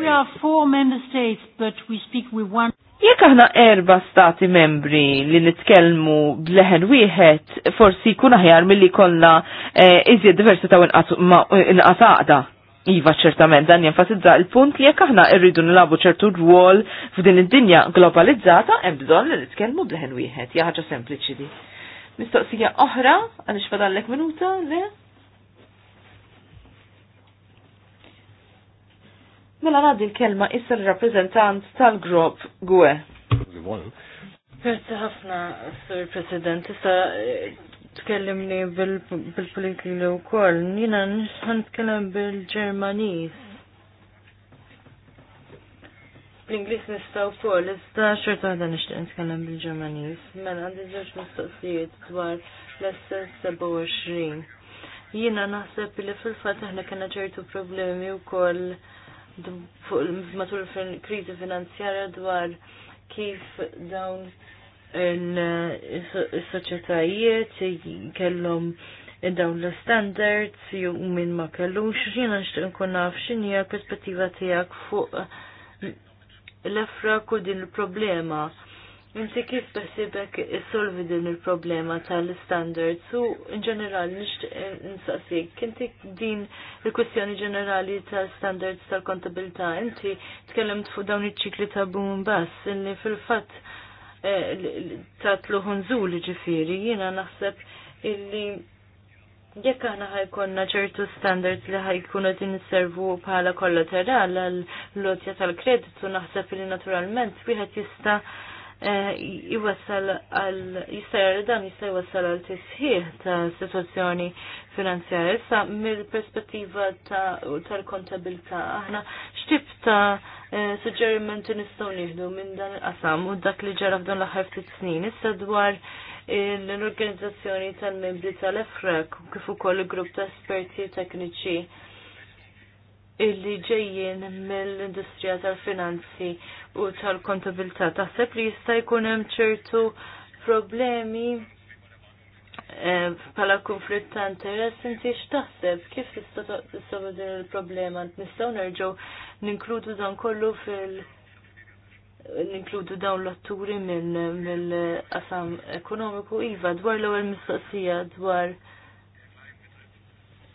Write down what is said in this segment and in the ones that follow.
We are four member states, but we speak with one. Jekk aħna erba stati membri li nitkellmu bleħen wieħed, forsi jkun aħjar milli kollna eh, iżjed diversità u inqataqda. Iva ċertament dan jenfasizza il-punt li jekk aħna rridu nilabu ċertu rwol f'din id-dinja globalizzata hemm bżonn li nitkellmu bleħen wieħed, hija ħaġa sempliċi di. Mistoqsija oħra, għaliex fadallek minuta, le? Mela għaddi l-kelma issa l tal-grupp GUE. Grazzi ħafna, Sir President. Issa eh, tkellimni bil-politiki wkoll. Jiena nixħan tkellem bil ġermanis bl inglis u kol, iżda xorta għadha nishtiq nitkellem bil ġermanis Mela għaddi żewġ mistoqsijiet dwar l 27 Jiena naħseb li fil-fatt aħna kellna ċertu problemi wkoll matul il-kriżi finanzjarja dwar kif dawn il-soċetajiet kellhom dawn l-standards ju min ma kellux jiena nkun naf x'inhi l-perspettiva tiegħek fuq l-efra din il-problema Inti kif taħsibek issolvi din il-problema tal-standards u in ġenerali nsaqsik. Kinti din il-kwestjoni ġenerali tal-standards tal-kontabilità, inti t fuq dawn iċ-ċikli ta' boom bass, illi fil-fatt eh, ta' li ġifiri, jina naħseb illi jekk aħna ħajkonna ċertu standards li ħajkunu din servu bħala kollateral għal lotja tal-kreditu naħseb li naturalment wieħed jista' jiwassal eh, għal jistajar dan jista' jwassal għal tisħiħ ta' situazzjoni finanzjarja. Issa mill-perspettiva tal-kontabilta aħna x'tip ta' eh, suġġerimenti nistgħu nieħdu minn dan il-qasam u dak li ġara f'dan l-aħħar ftit snin issa dwar l-organizzazzjoni tal-membri tal-EFREC kif ukoll il-grupp ta' esperti tekniċi illi ġejjin mill-industrija tal-finanzi u tal-kontabilità. Taħseb li jista' jkun hemm ċertu problemi eh, bħala konflitt ta' interess inti x'taħseb kif tista' tissolvu din il-problema nistgħu nerġgħu ninkludu dan kollu fil- ninkludu dawn l-atturi minn mill-qasam ekonomiku iva dwar l-ewwel mistoqsija dwar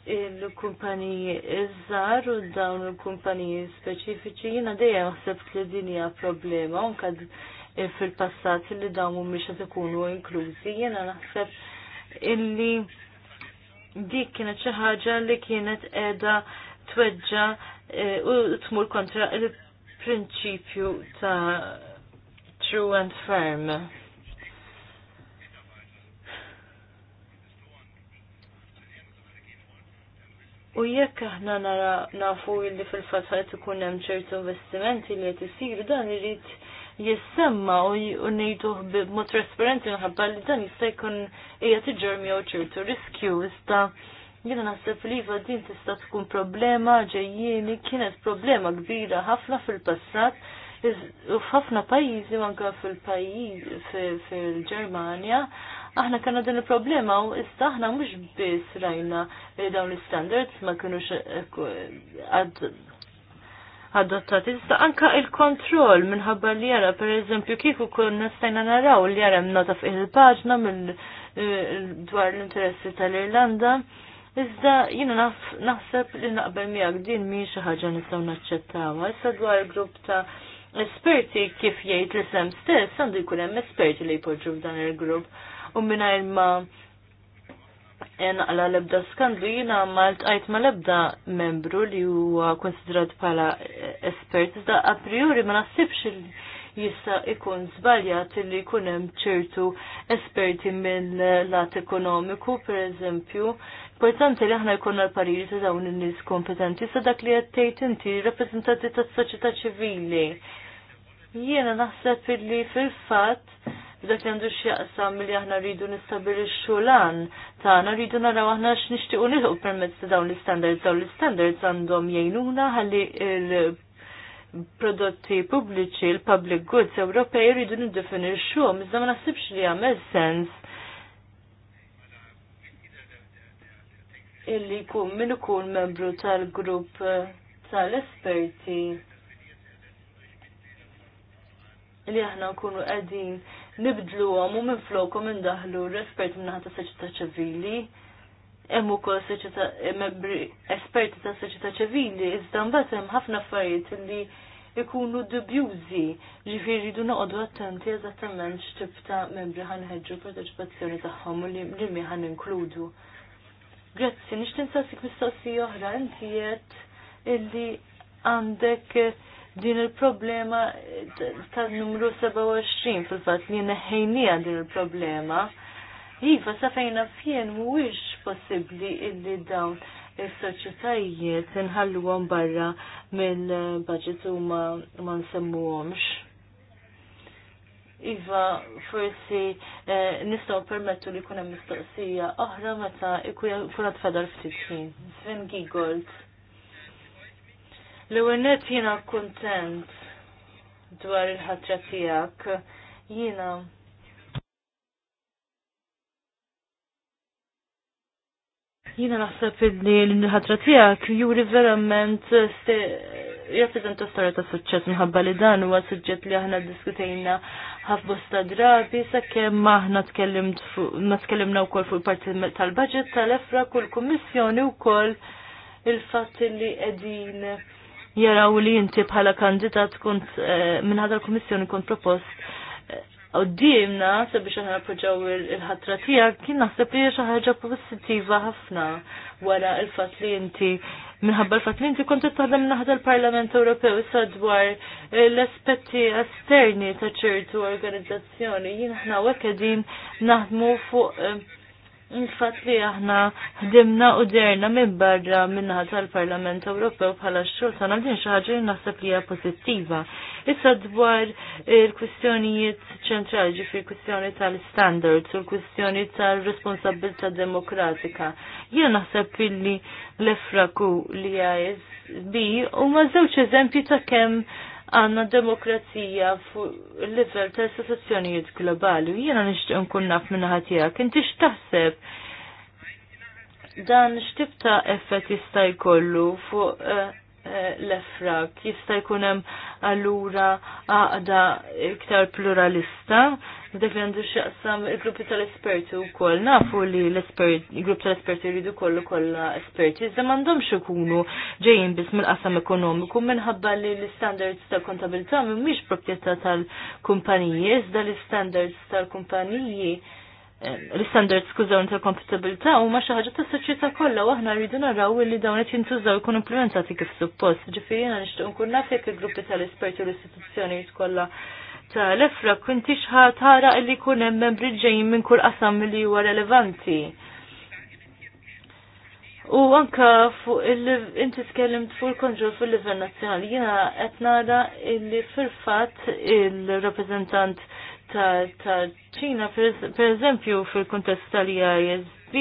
il-kumpaniji iż-żar u dawn il-kumpaniji speċifiċi jiena dejja ħsebt li din hija problema anke eh, fil-passat li dawn mhumiex qed ikunu inklużi jiena naħseb illi dik kienet xi ħaġa li kienet qiegħda tweġġa eh, u tmur kontra il-prinċipju ta' true and firm. U jekk aħna nara nafu li fil-fatt ħajt ikun hemm ċertu investimenti li qed isiru dan irid jissemma u ngħidu b'mod trasparenti minħabba li dan jista' jkun hija tiġġor miegħu ċertu riskju iżda jiena naħseb li iva din tista' tkun problema ġejjieni kienet problema kbira ħafna fil-passat u f'ħafna pajjiżi anke fil-pajjiż fil-Ġermanja. fil pajjiż fil ġermanja aħna kanna din il-problema u issa aħna mhux biss rajna li dawn l-standards ma kinux eh, adottati. Issa anka il-kontroll minħabba li jara, per eżempju, kif ukoll nistajna naraw li jara nota f'ih il-paġna mill eh, dwar l-interessi tal-Irlanda. Iżda jiena naħseb li naqbel miegħek din mhi xi ħaġa nistgħu naċċettawha. Issa dwar grupp ta' esperti kif jgħid l-isem stess għandu jkun hemm esperti li jpoġġu f'dan il-grupp u mingħajr ma naqla l-ebda skandlu jina malt għajt ma lebda ebda membru li huwa konsidrat bħala espert, iżda a priori ma nasibx li jista ikun zbaljat li jkun hemm ċertu esperti mill-lat ekonomiku, per eżempju, importanti li aħna jkun l-pariri ta' dawn in-nies kompetenti sa dak li qed tgħid inti rappreżentanti tas-soċjetà ċivili. Jiena naħseb illi fil-fatt Bidak li għandu x'jaqsam milli aħna rridu nistabilixxu lan tagħna rridu naraw aħna x'nixtiequ nilħu permezz ta' dawn l-istandards, dawn l-istandards għandhom jgħinuna għalli il- prodotti pubbliċi, l-public goods Ewropej rridu niddefinixxuhom, iżda ma naħsibx li għamel sens illi jkun min ikun membru tal-grupp tal-esperti li aħna nkunu qegħdin nibdluhom u minn flokom indaħlu l-espert minn ħata soċjetà ċivili. Hemm ukoll soċjetà membri esperti ta' soċjetà ċivili, iżda mbagħad hemm ħafna affarijiet li ikunu dubjużi, ġifieri jridu noqogħdu attenti eżattament x'tib ta' membri ħanħeġġu parteċipazzjoni tagħhom u li mi ħan inkludu. Grazzi, nix tinsassik mistoqsija oħra, inti qed illi għandek din il-problema tal-numru 27 fil-fat li neħejnija din il-problema. Iva, sa fejna fjen mhuwiex possibbli illi dawn is-soċjetajiet inħalluhom barra mill-budget u ma nsemmuhomx. Iva, forsi eh, nistgħu permettu li jkun hemm mistoqsija oħra meta ikun fadar ftit ħin. Sven Giegold. L-għennet jina kontent dwar il-ħatra tijak. Jina. Jina naħseb li l-ħatra tijak juri verament jirrappreżenta storja ta' suċċess minħabba li dan huwa suġġett li aħna ddiskutejna ħafbosta drabi sakemm aħna tkellimt ma tkellimna wkoll fuq parti tal-baġġett tal-efra kull kummissjoni wkoll il-fatt li qegħdin jaraw li inti bħala kandidat kont eh, minn ħadha l-Kummissjoni kont propost eh, għoddimna sabiex ħana proġaw il-ħatra tijak, kien naħseb li xi ħaġa pozittiva ħafna wara il-fatt li inti minħabba l fat li inti kont t-tadda naħda l-Parlament Ewropew issa dwar l-aspetti esterni ta' ċertu organizzazzjoni. Jien aħna naħdmu fuq eh, il li aħna ħdimna u derna minn barra minnaħa tal-Parlament Ewropew bħala xultana nagħdin xi ħaġa li naħseb li hija pożittiva. Issa dwar il-kwistjonijiet ċentrali ġifi l kwistjoni tal-standards u l-kwistjoni tal-responsabilità demokratika. Jien naħseb illi l-efraku li għajz bi u ma żewġ eżempji ta' kemm għanna demokrazija fuq il-level ta' istituzzjonijiet globali. Jiena nixtieq nkun naf minn ħatijak, inti x'taħseb dan x'tib ta' effett jista' jkollu fuq uh, l-efrag. Jista' jkun hemm allura għaqda iktar pluralista. Dak li għandu x'jaqsam il-gruppi tal-esperti wkoll nafu li l-grupp tal-esperti jridu kollu kollha esperti, iżda m'għandhomx ikunu ġejjin biss mill-qasam ekonomiku minħabba li l-standards tal-kontabilità mhumiex proprjetà tal-kumpaniji, iżda l-standards tal-kumpaniji Eh, l-standards kużaw tal kompatibilta huma xi ħaġa tas soċjetà kollha u aħna rridu naraw li dawn qed jintużaw ikun implementati kif suppost. Ġifiri jiena nixtieq nkun nafek il-gruppi tal-esperti u l-istituzzjonijiet kollha tal-efra kunti xħat ħara li kun hemm membri ġejjin minn kull qasam li huwa relevanti. U anka fuq inti tkellimt fuq il fuq il livell nazzjonali, jiena qed nara illi fil-fatt il-rappreżentant il rappreżentant il ta' ċina, per eżempju, fil-kontest tal-ISB,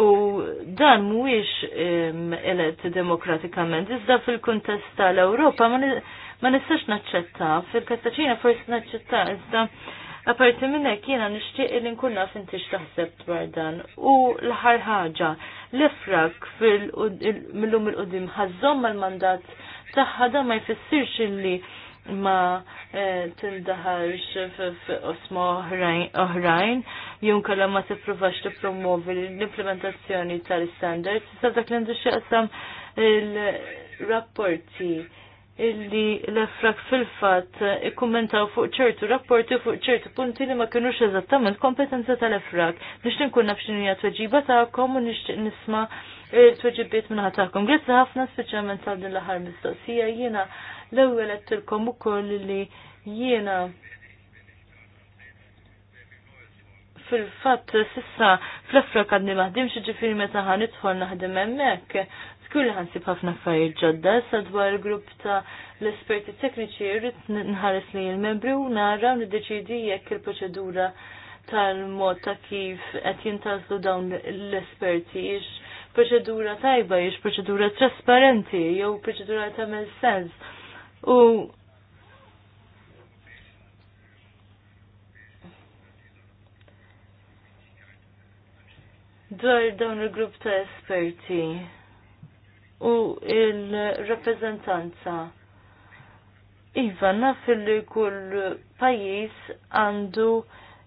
u dan mhuwiex elett demokratikament, iżda fil-kontest tal-Ewropa ma nistax naċċetta, fil kontest ta' ċina forsi naċċetta, iżda Aparti minnek jiena nixtieq li nkun naf inti x'taħseb dwar dan. U l-aħħar ħaġa, l-ifrak mill-lum il-qudiem ħażhom mal-mandat tagħha da ma jfissirx illi ma eh, tindaħarx f'osma oħrajn, jun kalla ma t-provax t-promovi l-implementazzjoni tal-standards. Sa dak l-għandu xaqsam il-rapporti illi l-efrak fil-fat ikkumentaw fuq ċertu rapporti fuq ċertu punti li ma kienux eżattament kompetenza tal-efrak. Nix ninkun nafxinu jgħat weġiba ta'kom u nix nisma' il-tweġibiet minnaħat tagħkom. Grazzi ħafna speċjalment għal din l-aħħar mistoqsija jiena l-ewwel qed tilkom ukoll li jiena fil-fatt sissa fl affra għadni maħdim xieġifiri meta ħan naħdim naħdem hemmhekk. Skulli ħansib ħafna affarijiet ġodda sadwar dwar grupp ta' l-esperti tekniċi rrit nħares li il membri u nara u niddeċidi jekk il-proċedura tal-mod ta' kif qed jintazlu dawn l-esperti ix proċedura tajba, jiex proċedura trasparenti, jew proċedura tamel sens. U dwar dawn il-grupp ta' esperti u il-rappresentanza. Iva, naf li kull pajis għandu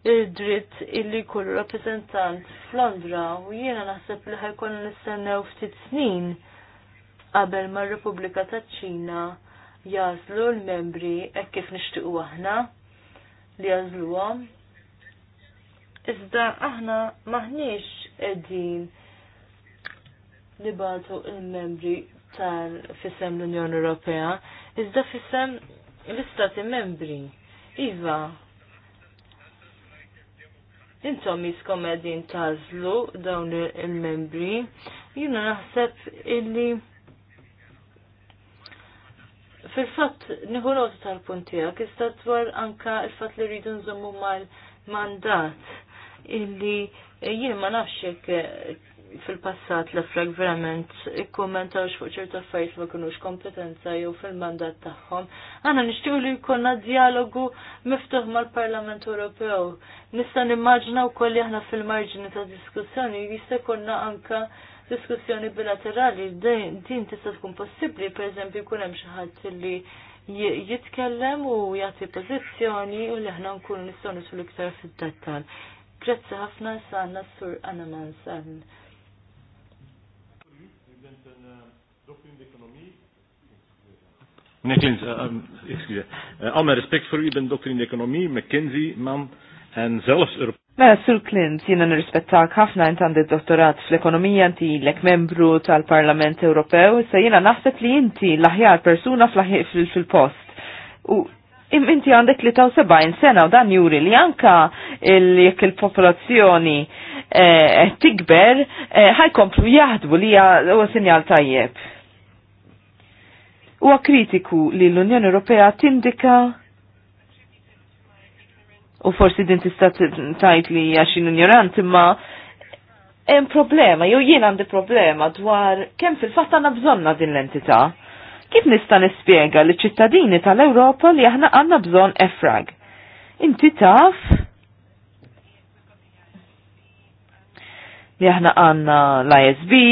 il-dritt illi kull rappresentant f'Londra u jiena naħseb li ħajkun nistennew ftit snin qabel ma' Repubblika taċ-Ċina jażlu l-membri hekk kif nixtiequ aħna li jażluhom. Iżda aħna maħniex qegħdin nibatu l membri tal-fisem l-Unjoni Ewropea, iżda fisem l-Istati membri. Iva, intom jiskom għedin tazlu dawn il-membri, jina naħseb illi fil-fat nħu tal-puntija, kista t-war anka il-fat li rridu nżommu mal-mandat illi jien ma nafx fil-passat l-frag verament ikkommentaw fuq ċertu affarijiet ma kunux kompetenza jew fil-mandat tagħhom. Għana nixtiequ li jkollna dialogu miftuħ mal-Parlament Ewropew. Nista' nimmaġina wkoll li aħna fil-marġini ta' diskussjoni jista' jkollna anka diskussjoni bilaterali din tista' tkun possibbli, pereżempju jkun hemm xi ħadd li jitkellem u jagħti pożizzjoni u li aħna nkunu nistgħu nisul iktar fid-dettal. Grazzi ħafna sa' Nassur Anaman San. Meneer Klint, uh, eh, ehm, excuseer. Uh, al mijn respect for u, ik ben dokter in McKinsey, Mela, Sur Clint, jina nirrispettak ħafna jint għandi dottorat fl-ekonomija inti l membru tal-Parlament Ewropew, issa jina naħseb li inti l-aħjar persuna fil-post. U inti għandek li taw seba'jn sena u dan juri li anka jekk il-popolazzjoni eh, tikber ħajkomplu jaħdbu li għu sinjal tajjeb. Huwa kritiku li l-Unjoni Ewropea tindika u forsi din tista' tajt li għaxin ignorant imma hemm problema, jew jien għandi problema dwar kemm fil-fatt għandna bżonna din l-entità. Kif nista' nispjega li ċittadini tal-Ewropa li aħna għandna bżonn efrag? Inti taf li aħna għandna l-ISB,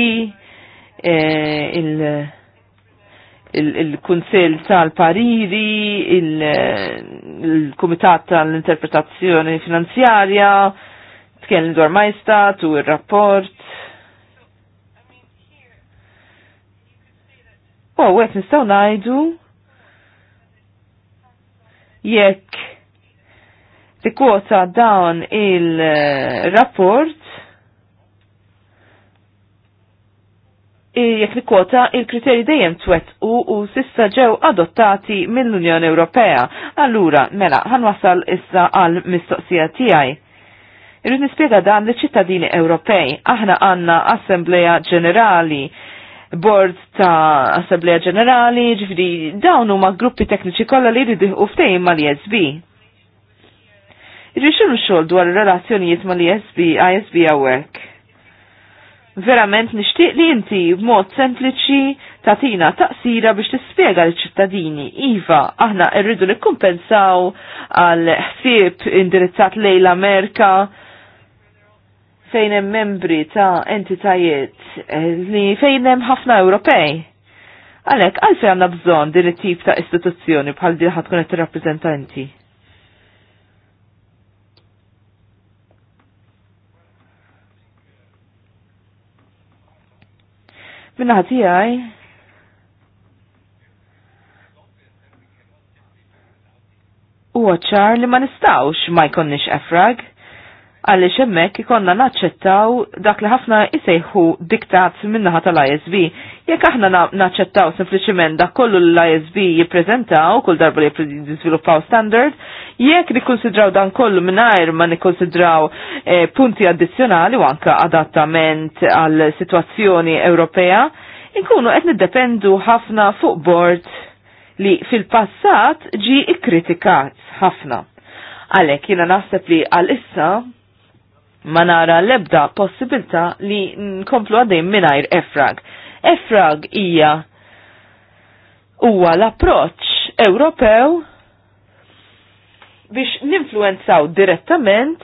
eh, il- il- il kunsel tal-Pariri, il-Kumitat tal-Interpretazzjoni Finanzjarja, tkellim dwar Majstat u il-rapport. U għet nistaw najdu jekk tikkota dawn il-rapport jekk nikota il-kriterji dejjem twett u u sissa ġew adottati mill-Unjoni Ewropea. Allura, mela, ħan wasal issa għal mistoqsija tiegħi. Irrid nispjega dan li ċittadini Ewropej, aħna għandna Assembleja Ġenerali, Bord ta' Assembleja Ġenerali, ġifri dawn huma gruppi tekniċi kollha li jridu ftehim mal-ISB. Irrid xogħol dwar ir-relazzjonijiet mal-ISB, ISB hawnhekk verament nixtieq li inti b'mod sempliċi tatina taqsira biex tispjega l-ċittadini. Iva, aħna rridu nikkumpensaw għal ħsieb indirizzat lejla l-Amerika fejn hemm membri ta' entitajiet eh, li fejn hemm ħafna Ewropej. Għalhekk għalfejn għandna bżonn din it-tip ta' istituzzjoni bħal din kunet tkun Minna ħati għaj. U ċar li ma nistawx ma jkonnix efrag, għalli xemmek ikonna naċċettaw dak li ħafna jisejħu diktat minnaħa tal-ISB Jekk aħna naċċettaw sempliċement dak kollu l-ISB jippreżentaw kull darba li jiżviluppaw standard, jekk nikkonsidraw dan kollu mingħajr ma nikkonsidraw eh, punti addizzjonali u anke adattament għal sitwazzjoni Ewropea, inkunu qed niddependu ħafna fuq bord li fil-passat ġi ikkritikat ħafna. Għalek jina naħseb li għal-issa ma nara l-ebda possibilta li nkomplu għadim minajr efrag. Efrag ija huwa l-approċċ Ewropew biex ninfluenzaw direttament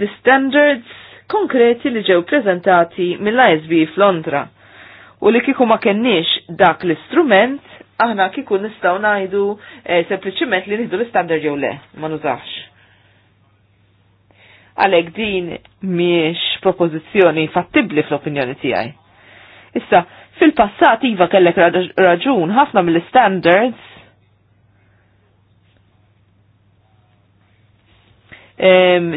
l-standards konkreti li ġew prezentati mill-ISB f'Londra. U li kiku ma kenniex dak l-istrument, aħna kiku nistaw najdu e, sempliciment li nidu l-standard jew le, ma nużax. Għalek din miex propozizjoni fattibli fl-opinjoni tijaj. Issa, fil-passat iva kellek raġun, ħafna mill-standards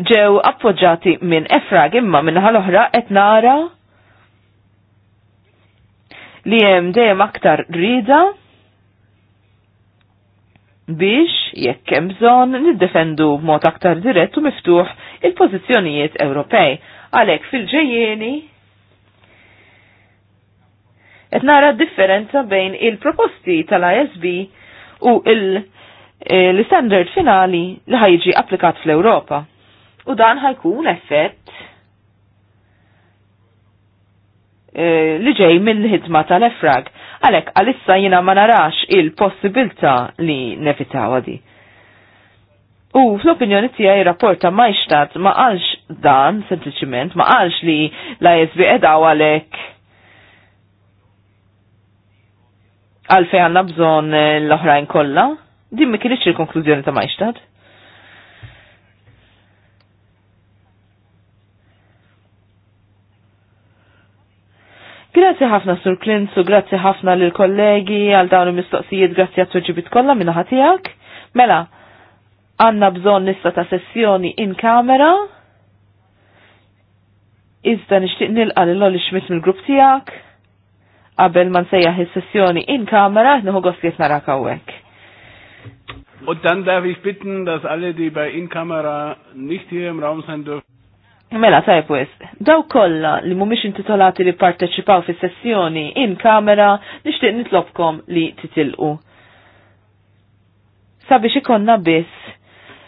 ġew appoġġati minn Efrag imma minn ħal-oħra qed nara li hemm dejjem aktar rida biex jekk hemm bżonn niddefendu b'mod aktar dirett u miftuħ il-pożizzjonijiet Ewropej. Għalhekk fil-ġejjieni Et nara differenza bejn il-proposti tal-ISB u eh, l-standard finali li ħajġi applikat fl-Europa. U dan ħajkun effett eh, li ġej mill-ħidma tal-efrag. Għalek, għalissa jina ma narax il-possibilta li nevitaw għadi. U fl-opinjoni tijaj rapporta ma ixtat ma għalx dan, sempliciment, ma għalx li la jesbi edaw għalek għalfej għanna bżon eh, l-oħrajn kolla, din ma kienx il-konklużjoni ta' maġtad. Grazzi ħafna Sur Klinzu, grazzi ħafna lil kollegi għal dawn il-mistoqsijiet, grazzi għat ġibit kollha minna ħatijak. Mela, għanna bżon nista ta' sessjoni in kamera. Iżda nixtieq nilqa lil Lolli Schmidt mill-grupp tiegħek qabel ma nsejjaħ is-sessjoni in kamera nieħu gost nara narak hawnhekk. Und dann darf ich bitten, dass alle, die bei In-Kamera nicht hier im Raum sein dürfen. Mela, taj wis, daw kolla li mumiex intitolati li parteċipaw fi sessjoni in-kamera nishtiq nitlobkom li titilqu. Sabiex ikonna biss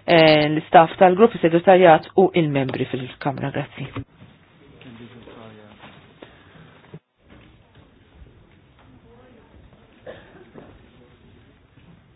eh, l staff tal-grupp segretarjat u il-membri fil-kamra, grazzi.